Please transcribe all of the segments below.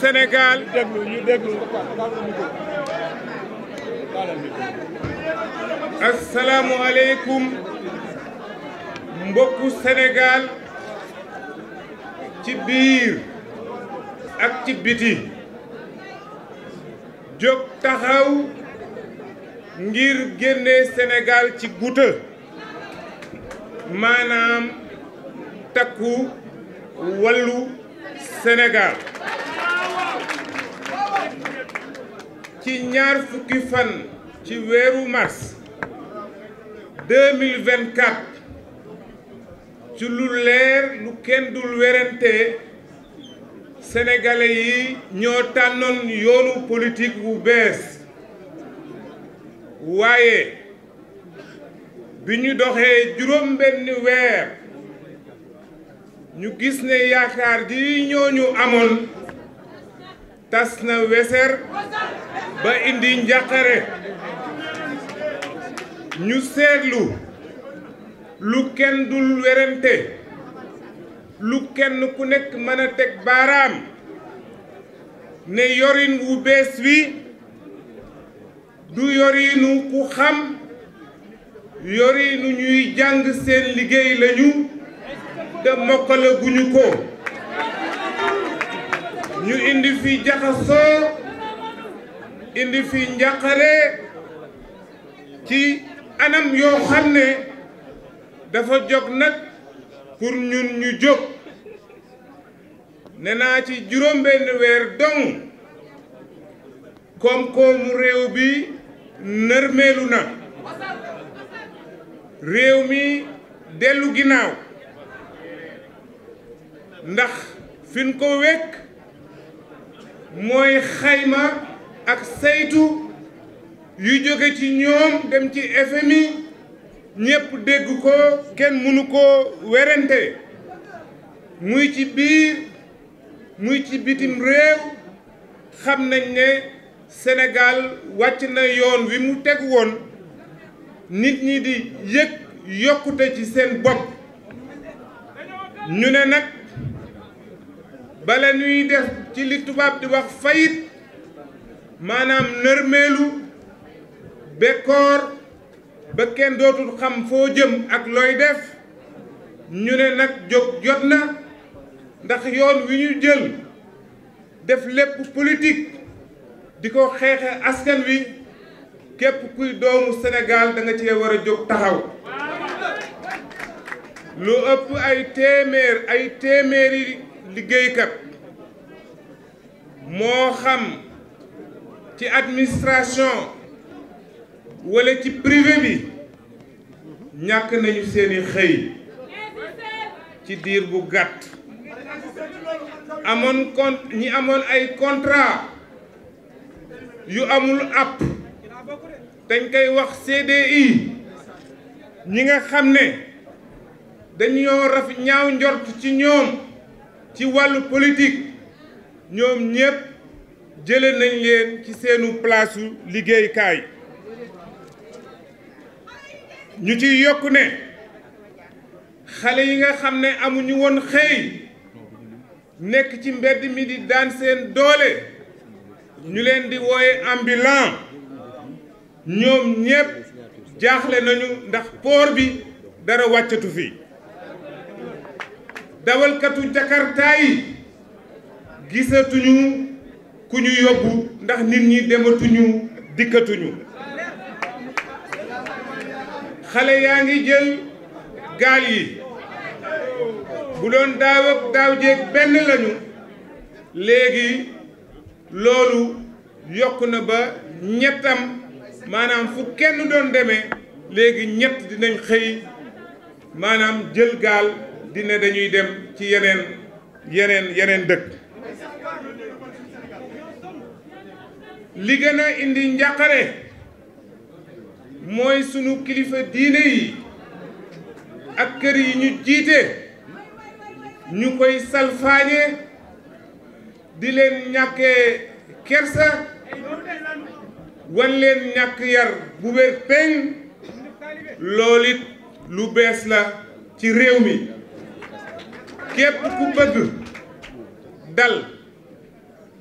Sénégal asalaamualeykum mbokku Sénégal ci biir ak ci biti jóg taxaw ngir génne Sénégal ci guuta maanaam takku wallu Sénégal ci ñaar fukki fan ci weeru mars 2024 ci lu leer lu kenn dul werante sénégalais yi ñoo tànnoon yoonu politik wu bees waaye bi ñu doxee juróom benn weer ñu gis ne yaakaar ji ñooñu amoon tas na weser ba indi njàqare ñu seetlu lu kenn dul werante lu kenn ku nekk mën a teg baaraam ne yorin wu bees wi du yorinu ku xam yorinu ñuy jàng seen liggéey lañu te mokkalaguñu ko ñu indi fi jaxasoo indi fi njàqare ci anam yoo xam ne dafa jog nag pour ñun ñu jóg ne naa ci juróom-benn weer dong koom réew bi nërmeelu na réew mi dellu ginnaaw ndax fin ko wekk mooy xayma ak saytu yu jóge ci ñoom dem ci FMI ñépp dégg ko kenn mënu koo werante muy ci biir muy ci bitim réew xam nañ ne Sénégal wàcc na yoon wi mu teg woon nit ñi di yëg yokkute ci seen bopp ñu ne nag bala ñuy def ci li tubaab di wax fayit maanaam nërmeelu bekkoor ba kenn dootul xam foo jëm ak looy def ñu ne nag jóg jot na ndax yoon wi ñu jël def lépp politique di ko xeexe askan wi képp kuy doomu Sénégal danga nga cee war a jóg taxaw lu ëpp ay téeméer ay téeméeri liggéeykat moo xam ci administration wala ci privé bi ñàkk nañu seeni xëy ci diir bu gàtt amoon con ñi amoon ay contrat yu amul app dañ koy wax CDI ñi nga xam ne dañoo raf ñaaw njort ci ñoom ci wàllu politik ñoom ñëpp jële nañ leen ci seenu place liggéeykaay ñu ci yokk ne xale yi nga xam ne amuñu woon xëy nekk ci mbedd mi di daan seen doole ñu leen di wooye ambulant ñoom ñëpp jaaxle nañu ndax port bi dara wàccatu fi dawalkatu jakarta yi gisatuñu ku ñu yóbbu ndax nit ñi dematuñu dikkatuñu xale yaa ngi jël gaal yi bu doon daaw ak daaw benn lañu léegi loolu yokk na ba ñettam maanaam fu kenn doon demee léegi ñett dinañ xëy maanaam jël gaal di ne dañuy dem ci yeneen yeneen yeneen dëkk li gën a indi njàqare mooy sunu kilifa diine yi ak kër yi ñu jiite ñu koy salfaañe di leen ñàkkee kersa wan ñàkk yar bu wér peñ loolu lu bees la ci réew mi képp ku bëgg dal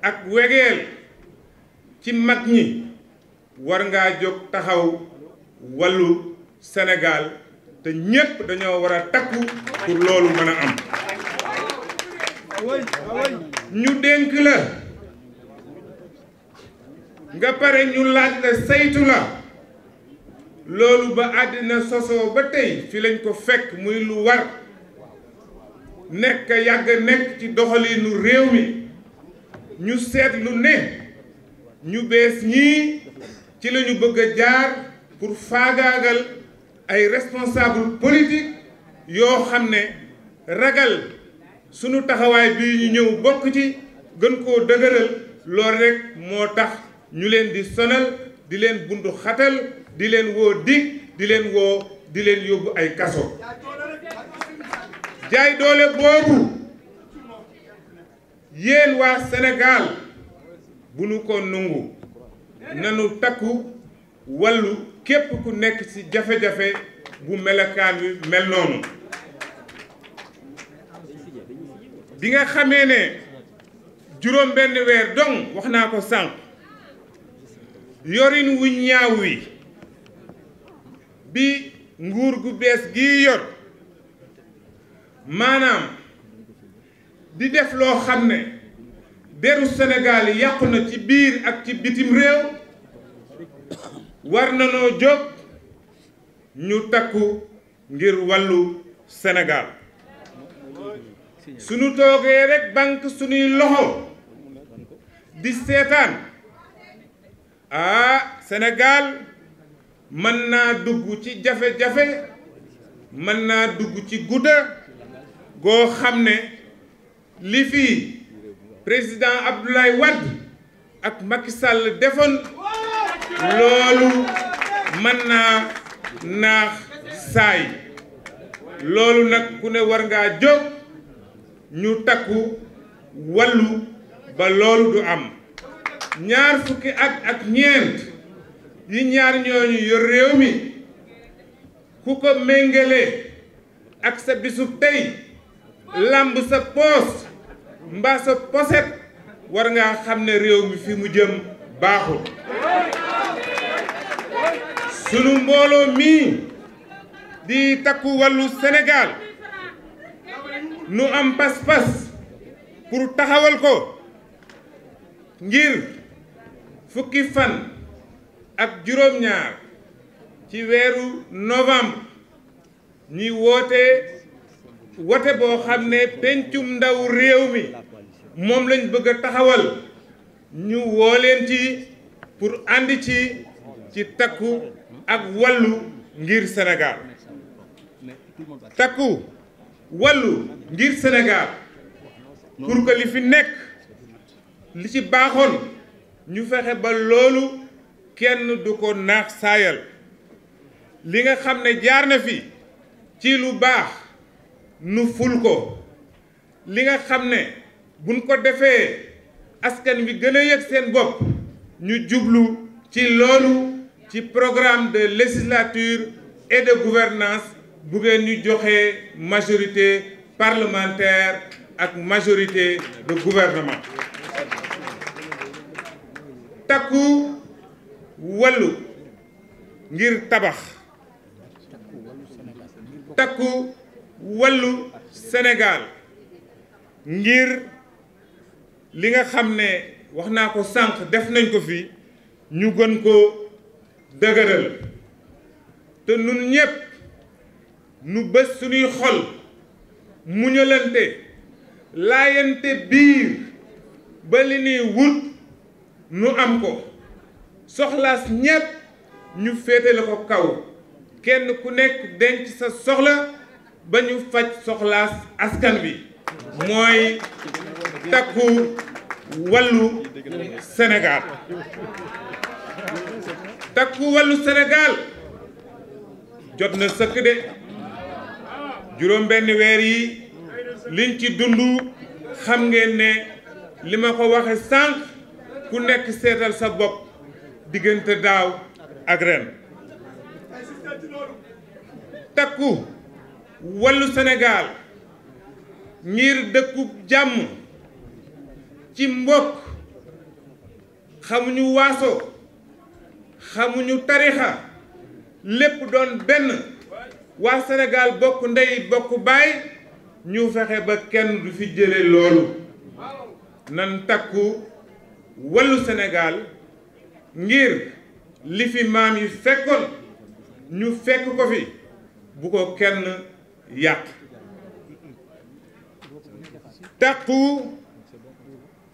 ak wegeel ci mag ñi war ngaa jóg taxaw wallu Sénégal te ñépp dañoo war a takku pour loolu mën a am ñu dénk la nga pare ñu laaj la saytu la loolu ba àddina sosoo ba tey fi lañ ko fekk muy lu war nekk yàgg nekk ci doxaliinu réew mi ñu seetlu ne ñu bees ñii ci lañu bëgg a jaar pour faagaagal ay responsable politique yoo xam ne ragal sunu taxawaay bii ñu ñëw bokk ci gën koo dëgëral loolu rek moo tax ñu leen di sonal di leen buntu xatal di leen woo dig di leen woo di leen yóbbu ay kaso jaay doole boobu yéen waa senegaal bu nu ko nungu nanu takku wàllu képp ku nekk ci jafe-jafe bu melokaan wi mel noonu bi nga xamee ne juróom benn weer dong wax naa ko sànq yorin wu ñaaw wi bi nguur gu bees gi yor maanaam di def loo xam ne deru senegaal yàqu na ci biir ak ci bitim réew war na noo jóg ñu takku ngir wàllu Sénégal suñu toogee rek banque suñuy loxo di seetaan ah senegaal mën naa dugg ci jafe-jafe mën naa dugg ci gudda goo xam ne li fi président Abdoulaye Wade ak Macky Sall defoon loolu mën naa naax saay loolu nag ku ne war ngaa jóg ñu takku wallu ba loolu du am ñaar fukki at ak ñeent yi ñaar ñooñu yor réew mi ku ko méngale ak sa bisub tey làmb sa poos mbaa sa poset war ngaa xam ne réew mi fi mu jëm baaxul sunu mbooloo mii di takku wàllu Sénégal nu am pas-pas pour taxawal ko ngir fukki fan ak juróom-ñaar ci weeru novembre ñuy woote wote boo xam ne pencum ndaw réew mi moom lañ bëgg a taxawal ñu woo ci pour ànd ci ci takku ak wallu ngir senegal takku wàllu ngir Sénégal pour que li fi nekk li ci baaxoon ñu fexe ba loolu kenn du ko naax saayal li nga xam ne jaar na fi ci lu baax nu ful ko li nga xam ne buñ ko defee askan wi gën yëg seen bopp ñu jublu ci loolu ci programme de législature et de gouvernance bu ngeen ñu joxee majorité parlementaire ak majorité de gouvernement takku wallu ngir tabax takku wàllu Sénégal ngir li nga xam ne wax naa ko sànq def nañ ko fi ñu gën ko dëgëral te nun ñépp nu bés suñuy xol muñalante laayante biir ba li nuy wut nu am ko soxlaas ñépp ñu féetale ko kaw kenn ku nekk denc sa soxla ba ñu faj soxlaas askan bi mooy takku wàllu Sénégal takku wàllu Sénégal jot na sëkk de juróom benn weer yi liñ ci dund xam ngeen ne li ma ko waxe sànq ku nekk seetal sa bopp diggante daaw ak ren wallu senegaal ngir dëkku jàmm ci mbokk xamuñu waaso xamuñu tarixa lépp doon benn waa senegaal bokk ndey bokk baay ñu fexe ba kenn du fi jële loolu nan takku wallu senegaal ngir li fi maam yi fekkoon ñu fekk ko fi bu ko kenn yàq tàqu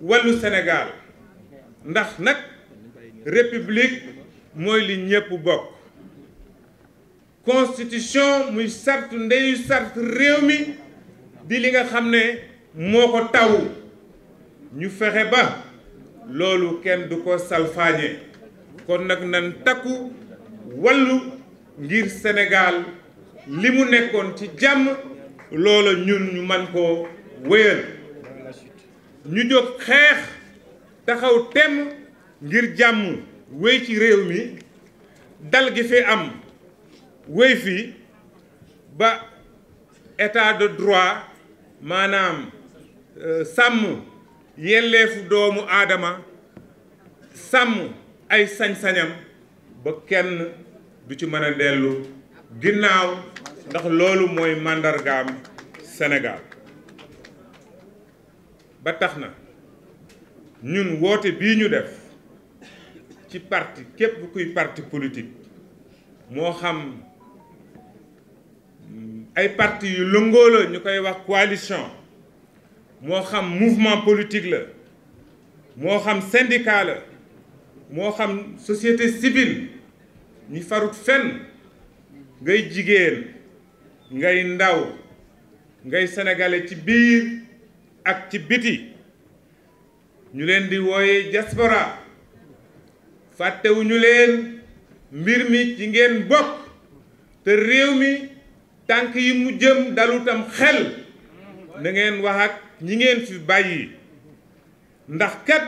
wàllu Sénégal ndax nag république mooy li ñépp bokk constitution muy sart ndeyu sart réew mi di li nga xam ne moo ko taw ñu fexe ba loolu kenn du ko salfaañe kon nag nan takku wallu ngir Sénégal li mu nekkoon ci jàmm loola ñun ñu man koo wéyal ñu jóg xeex taxaw temm ngir jàmm wéy ci réew mi dal gi fi am wéy fii ba état de droit maanaam euh, sàmm yelleefu doomu aadama sàmm ay sañ-sañam ba kenn du ci mën a dellu ginnaaw ndax loolu mooy màndargaam Sénégal ba tax na ñun woote bii ñu def ci parti képp kuy parti politique moo xam ay parti yu lëngoo la ñu koy wax coalition moo xam mouvement politique la moo xam syndicat la moo xam société civile ñi farut fenn ngay jigéen ngay ndaw ngay senegale ci biir ak ci biti ñu leen di woye diaspora fàttewuñu leen mbir mi ci ngeen bopp te réew mi tànk yi mu jëm dalutam xel na ngeen wax ak ñi ngeen fi bàyyi ndax kat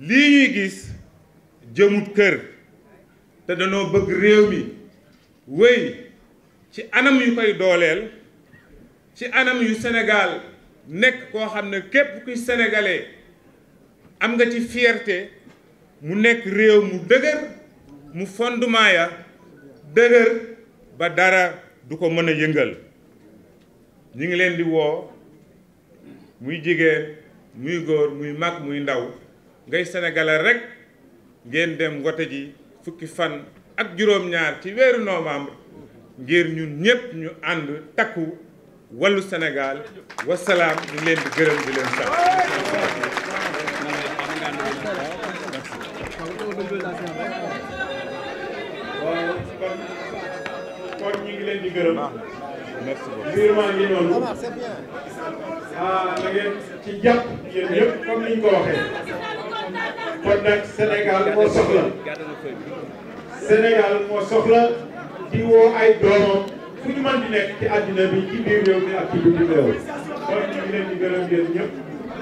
lii ñuy gis jëmut kër te danoo bëgg réew mi wéy ci anam yu koy dooleel ci anam yu senegaal nekk koo xam ne képp kuy sénégalais am nga ci fierté mu nekk réew mu dëgër mu fondement ya dëgër ba dara du ko mën a yëngal ñi ngi leen di woo muy jigéen muy góor muy mag muy ndaw ngay sénégalais rekk ngeen dem wote ji fukki fan ak juróom-ñaar ci weeru novembre ngir ñun ñëpp ñu ànd takku wàllu Sénégal wasalaam ñu leen di gërëm di leen sant. kon ñu ngi leen di gërëm. merci ngi noonu ah, ci jàpp yéen ñëpp comme ñu ko waxee. kon nag moo soxla. Sénégal moo soxla. di woo ay doomam fu ñu mën di nekk ci àddina bi ci biir réew mi ak ci bitim réew mi kon ñu ngi leen di gërëm yéen ñëpp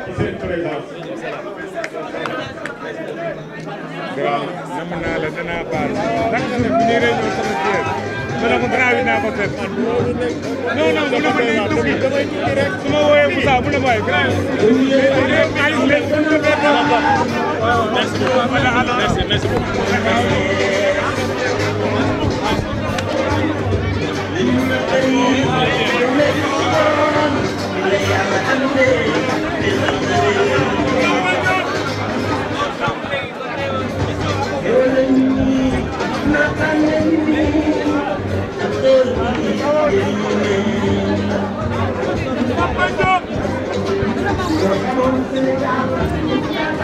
ci seen présence. waaw nam naa la danaa baal ndax tamit bu ñuy réunion sama kër ma ne ko grand bi naa ko fekk. non non bu ne ma day tukki su ma wooyee Moussa bu ne ma waay grand bi. ayib leen bu ñu ko fekk. waaw merci beaucoup merci merci beaucoup. Sénégal